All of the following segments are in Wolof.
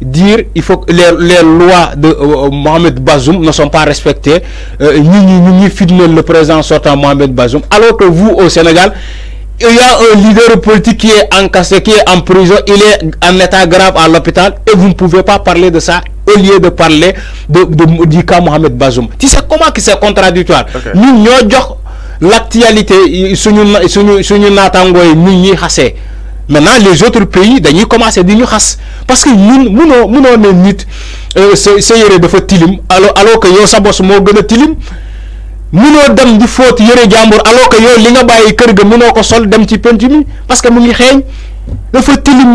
dire il faut que les, lois de euh, euh, Mohamed Bazoum ne sont pas respectées, ni euh, ni, le présent sortant Mohamed Bazoum, alors que vous au Sénégal, il y a un leader politique qui est encassé, qui est en prison, il est en état grave à l'hôpital et vous ne pouvez pas parler de ça au lieu de parler de, du Mohamed Bazoum. Tu sais comment c'est contradictoire l'actualité, nous, nous, nous, nous, nous, nous, maintenant les autres pays dañuy commencé di ñu parce que ñun nous munoo nit euh sa yére dafa tilim alors alors que yow sa bos moo tilim dem di yéré jambour alors que yow li nga nous kër ga mi parce que nous ngi dafa tilim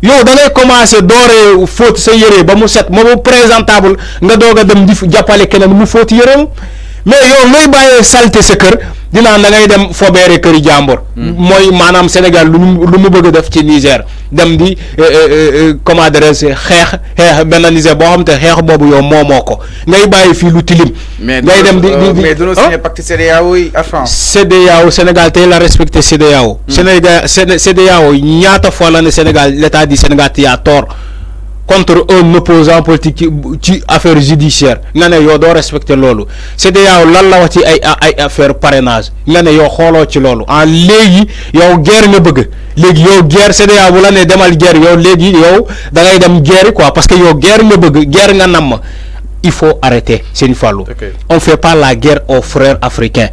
yow da ngay commencé ba mu set mo présentable nga dem di jappalé keneen mu mais yow salté sa di naan da ngay dem fobeere këri jàmbur. Mm. mooy maanaam Sénégal lu mu lu mu bëgg def ci Niger dem di eh, eh, eh, comment dirais-je xeex xeex benn Niger boo xam te xeex boobu moo moo ko ngay bàyyi fii lu tilim. ngay dem di di di mais dina ah? signé pacte CEDEAO yi CEDEAO Sénégal tey la respecté CEDEAO. Mm. Sénégal CEDEAO ñaata fois la ne Sénégal l' état du Sénégal a tort. contre un opposant politique ci affaire judiciaire Il ne respecter doo respecté loolu CEDEAO lan la wax ci ay ay affaire parrainage nga ne xolo ci lolu en légui yo guerre nga bëgg légui yo guerre cda bu la ne demal guerre yo légui yo da ngay dem guerre quoi parce que yo guerre nga bëgg guerre nga nam il faut arrêter c'est une Fallou on fait pas la guerre aux frères africains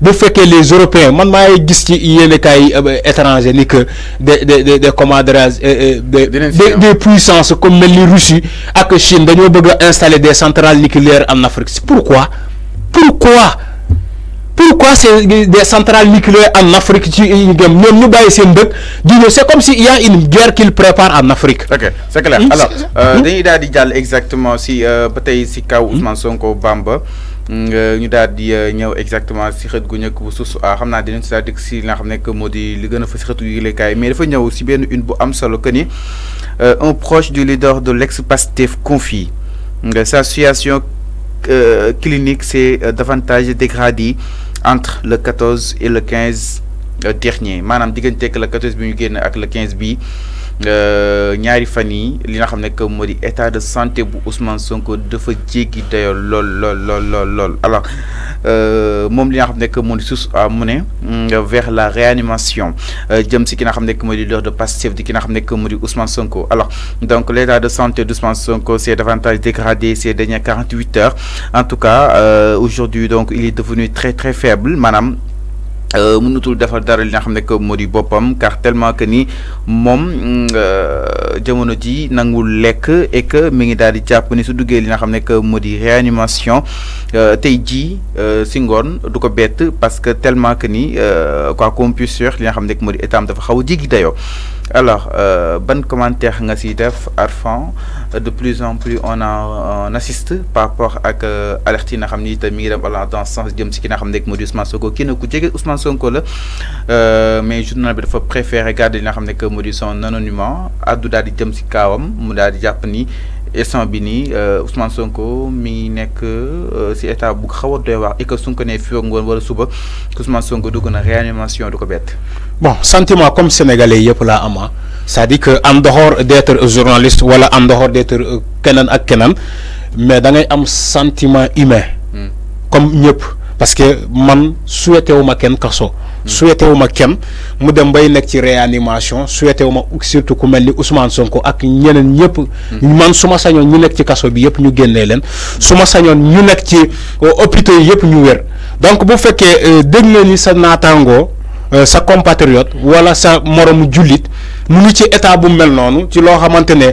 bu fekkee les européens man maay gis ci yéenekaay euh, étranger ni que des des des commandrages euh, euh, des puissances comme mel ni Russie ak Chine dañoo bëgg a installer des centrales nucléaires en Afrique pourquoi pourquoi pourquoi c'est des centrales nucléaires en Afrique ci ñoom ñu bàyyi seen dëkk di ñëw c'est comme si il y a une guerre qu'il prépare en Afrique. ok c'est clair mm. alors dañuy daal di jàll exactement si ba tey si kaw mm. Ousmane Sonko Bamba. nous avons euh, exactement si que nous bu Nous avons dit que nous dit si dit que di li nous dit nous une bu am euh, un proche du leader de l'ex-Pastef confie sa euh, clinique s'est davantage dégradé entre le 14 et le 15 dernier dit que le 14 bi ñu le 15 bi euh, ñaari fan yi li nga xamné que modi état de santé bu Ousmane Sonko dafa jéggi dayoo lool lol lol lol lol alors euh, mom li nga xamné que modi sus mu mm, vers la réanimation euh, jëm ci ki nga xamné que modi di de Pastef di ki nga xamné que modi Ousmane Sonko alors donc l'état de santé d'Ousmane Sonko s'est davantage dégradé ces dernières 48 heures en tout cas aujourd'hui donc il est devenu très très faible manam Euh, mënutul defar dara li nga xam ne que moo di boppam car tellement que ni moom euh, jamono ji nangul lekk et que mi ngi daal di jàpp ni su duggee li nga xam ne que moo di réanimation euh, tey jii si ngoon du ko bett parce que tellement que ni quoi qu'on puisse dire li nga xam ne que moo di état dafa xaw a jéggi dayoo. Alors, euh, bon commentaire Def, Arfan. Euh, de plus en plus, on, a, on assiste par rapport à que euh, Alerti Nahamni Tamiram dans le sens de Msiki Nahamni Moudi Ousmane Sonko, qui ne coûte Ousmane Sonko. Euh, mais je ne préfère préférer garder Nahamni Moudi son anonymat. Adou Dadi Tamiram, Moudadi Japani. Et bi nii euh, Ousmane Sonko mi nek euh, si état bu xaw doy et que son ñu ko nee fii ngoon wala suba Ousmane Sonko réanimation du ko bett. bon sentiment comme sénégalais yëpp la ama ah. c'est-à-dire que en dehors d'être journaliste wala en dehors d'être euh, kenan ak kenan, mais da ngay am sentiment humain. Hmm. comme ñëpp parce que man souhaité wu ma kenn kaso. souhaité wu ma kenn mu dem bay nekk ci réanimation souhaité wu ma surtout ku mel ni Ousmane Sonko ak ñeneen ñëpp. man su ma sañoon ñu nekk ci kaso bi yëpp ñu génnee leen. su ma sañoon ñu nekk ci euh, hôpitaux yi yëpp ñu wér. donc bu fekkee euh, dégg nga ni sa naataangoo euh, sa compatriote wala sa moromu jullit mu ngi ci état bu mel noonu ci loo xamante ne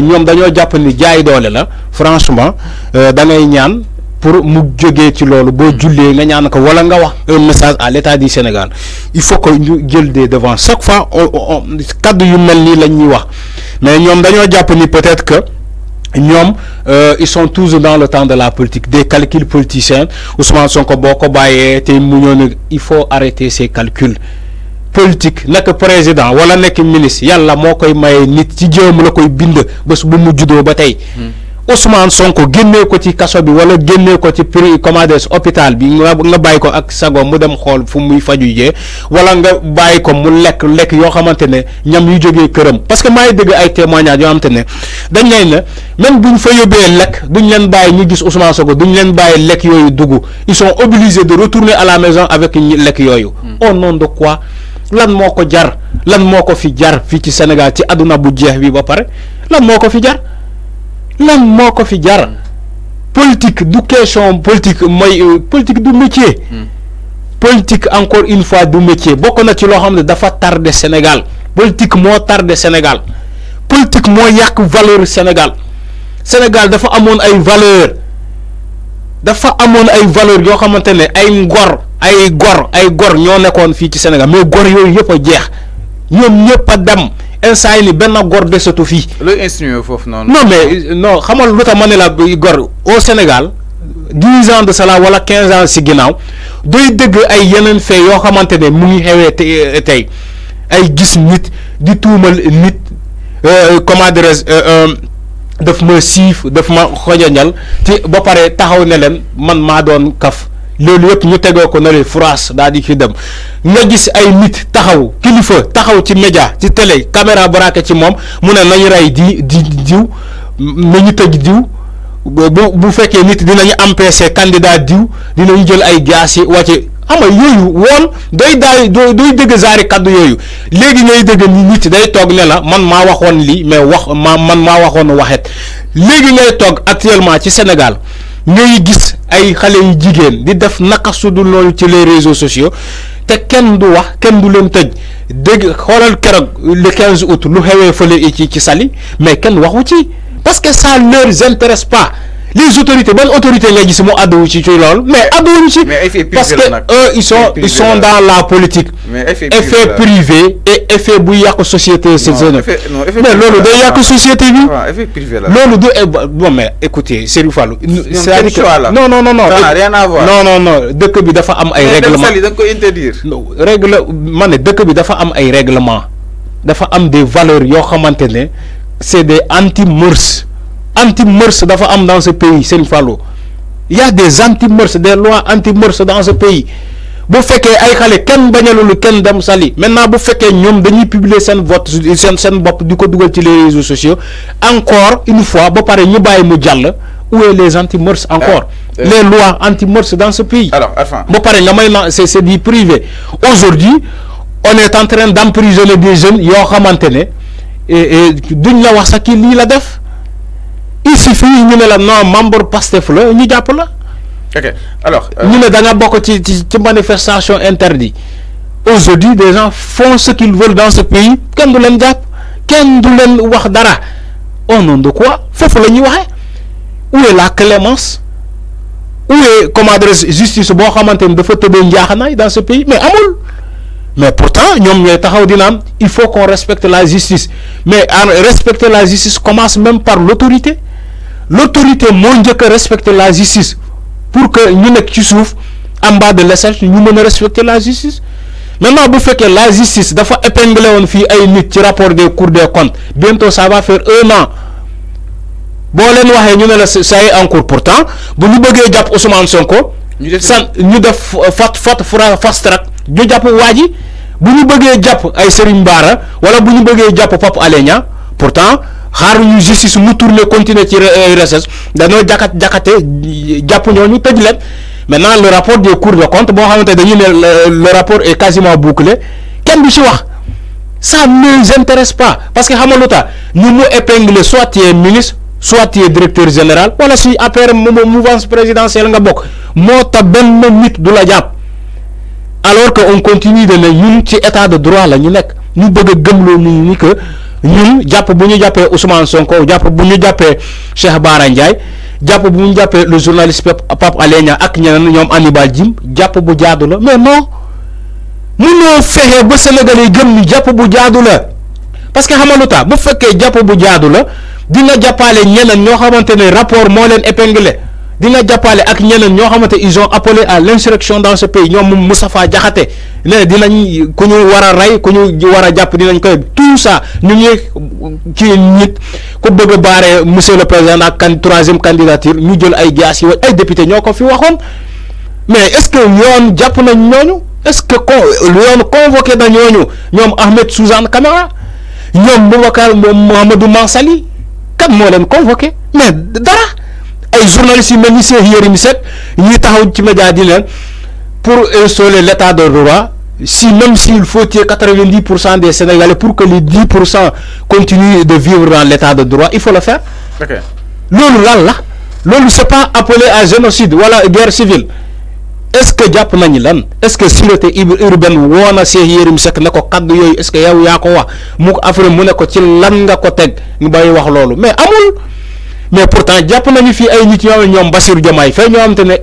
ñoom dañoo jàpp ni jaay doole la franchement da ñaan. pour mu jógee ci loolu boo hmm. jullee nga ñaan ko wala nga wax un message à l'état du Sénégal il faut que nous jël des devant chaque fois on kaddu yu mel ni lañ ñuy wax mais ñoom dañoo jàpp ni peut-être que ñoom euh, ils sont tous dans le temps de la politique des calculs politiciens Ousmane Sonko Boko que beaucoup bayer mu il faut arrêter ces calculs politique nekk président wala nek ministre yalla moo koy maye nit ci jëm la koy bind bés bu mu juddoo ba Ousmane Sonko génnee ko ci kaso bi wala génnee ko ci pri commandés hôpital bi nga bàyyi ko ak sago mu dem xool fu muy faju jee wala nga bàyyi ko mu lekk lekk yoo xamante ne ñam yu jógee këram parce que maa ngi dégg ay témoignages yoo xamante ne dañ lay ne même buñ fa yóbbee lekk duñ leen bàyyi ñu gis Ousmane Sonko duñ leen bàyyi lekk yooyu dugg ils sont obligés de retourner à la maison avec lekk yooyu. Hmm. au nom de quoi lan moo ko jar lan moo ko fi jar fii ci Sénégal ci àdduna bu jeex bi ba pare lan moo ko fi jar. lan moo ko fi jar politique du question politique mooy euh, politique du métier hmm. politique encore une fois du métier beaucoup na ci loo xam ne dafa Sénégal politique moo tardé Sénégal politique moo yàq valeur Sénégal Sénégal dafa amoon ay valeur dafa amoon ay valeur yoo xamante ne ay ngor ay gor ay gor ñoo nekkoon fii ci Sénégal mais gor yooyu yëpp a ñoom ñëpp a dem instant ni benn góor desatu fii. looy insinué foofu noonu. non mais non xamal lu tax ma ne la gor au Sénégal dix ans de cela wala quinze ans si ginnaaw doy dëgg ay yeneen fee yoo xamante ne mu ngi xewee euh, tey ay gis nit di tuumal nit euh, comment dirais-je euh, daf ma siif daf ma xojañal te ba pare taxaw ne leen man maa doon kaf. loolu yëpp ñu tegoo ko na leen France daal di ci dem nga gis ay nit taxaw kilifa taxaw ci média ci télé caméra braqué ci moom mu ne nañu rey di di diw nañu tëj diw bu bu fekkee nit dinañu empêcher candidat diw dinañu jël ay gaz yi wàcce ci nga yooyu woon day daay day dëgg zaari kaddu yooyu léegi ngay dëgg nit day toog ne la man maa waxoon lii mais wax ma man maa waxoon waxet léegi ngay toog actuellement ci Sénégal ngay gis. ay xale yi jigen di def naka du dul ci les réseaux sociaux te kenn du wax kenn du leen tëj dégg xolal kérok le 15 août lu xewé feulé ci ci sali mais kenn waxu ci parce que ça ne les intéresse pas les autorités bonnes autorités mais parce que eux ils sont ils sont dans la politique effet privé et effet buy yàq société citoyenne mais ah. société bi ah, est eh, bon mais écoutez cest à non non non non non non non non non bi dafa am règlement des valeurs c'est des anti anti-mœurs dafa dans ce pays fois Il y a des anti-mœurs des lois anti-mœurs dans ce pays bu fekkee ay xale kenn bañalulu kenn dem sali maintenant bu faites ñoom dañuy publier seen vote seen du bopp du ko ci les réseaux sociaux encore une fois vous parlez de Baye mu où est les anti-mœurs encore ah, euh, les lois anti-mœurs dans ce pays alors enfin ba parlez may c'est dit privé aujourd'hui on est en train d'emprisonner des jeunes yoo xamante ne et d'une wax ça kii lii la def il suffit mais ne la non membre Pastef la ni jàpp la. ok alors. nous euh, ne da nga de ci ci manifestation interdit aujourd'hui des gens font ce qu'ils veulent dans ce pays kenn de leen jàpp de du dara au nom de quoi foofu la ni waxee où est la clémence où est comme adresse justice bon xamante de faute de njaaxanaay dans ce pays mais amul. mais pourtant il faut qu'on respecte la justice mais à ah, respecter la justice commence même par l'autorité l'autorité mondiale respecte la justice pour que ñu nekk souffre en bas de l'échelle nous mën respecte respecter la justice maintenant vous bu que la justice dafa épinglé en fille ay une ci rapport des cours de comptes bientôt ça va faire un an les leen noirs ñu ne la ça est encore pourtant bu ñu bëggee jàpp Ousmane Sonko. ñu def nous ñu def fat fat fast track ñu jàpp waa ji bu ñu et c'est ay Serigne Bara wala bu ñu bëggee jàpp Pape Alé pourtant xaar ñu justice mu tourner continuer ci euh, recherche dañoo jakat jakate jàpp nous tëj leen maintenant le rapport des cours de compte boo xamante ne le rapport est quasiment bouclé kenn du ci wax ça ne nous intéresse pas parce que xam nga lu tax ñu mu épingler soit tu ministre soit tu directeur général wala si après mouvance présidentielle nga bokk moo tax benn nit du la jàpp alors que on continue de ne ñun ci état de droit la ñu nekk ñu bëgg a gëmloo nit que. ñun jàpp bu ñu jàppee Ousmane Sonko jàpp bu ñu jàppee Cheikh Bara Ndiaye jàpp bu ñu jàppee le journaliste Pape Alé Niang ak ñeneen ñoom Hannibal Djim jàpp bu jaadu la mais non mënoo fexe ba Sénégal yi gëm ni jàpp bu jaadu la parce que xamalu tax bu fekkee jàpp bu jaadu la dina jàppale ñeneen ñoo xamante ne rapport moo leen épinglé dina jàppale ak ñeneen ñoo xamante ils ont appelé à l'insurrection dans ce pays ñoom Moustapha Diakhaté ne dinañ ku ñu war a rey ku ñu war a jàpp dinañ koy. tout ça ñu ngi kii nit ku bëgg a baare monsieur le président ak kan troisième ñu jël ay jaas yi ay député ñoo ko fi waxoon mais est-ce que yoon jàpp nañ ñooñu est-ce que con yoon convoqué na ñooñu ñoom Ahmed Suzanne Camara ñoom Boubacar moom Mouhamadou Mansali kan moo leen convoqué mais dara ay journalistes yu mel ni Cheikh Yérim Seck ñuy taxaw ci média di leen pour instaurer l'état de droit. si même s'il faut tirer 90% des Sénégalais pour que les 10% continuent de vivre dans l'état de droit, il faut le faire. Okay. L'on ne s'est pas appeler à génocide ou guerre civile. Est-ce que Diap Nanilan, est-ce que si le urbain wana si yerim sek nako yoy, est-ce que ya yako wa, mouk afre moune ko ci langa ko teg, nbaye wax lolu. Mais amul, mais pourtant Diap Nani fi ay nit ñom Bassirou Diomaye, fe ñom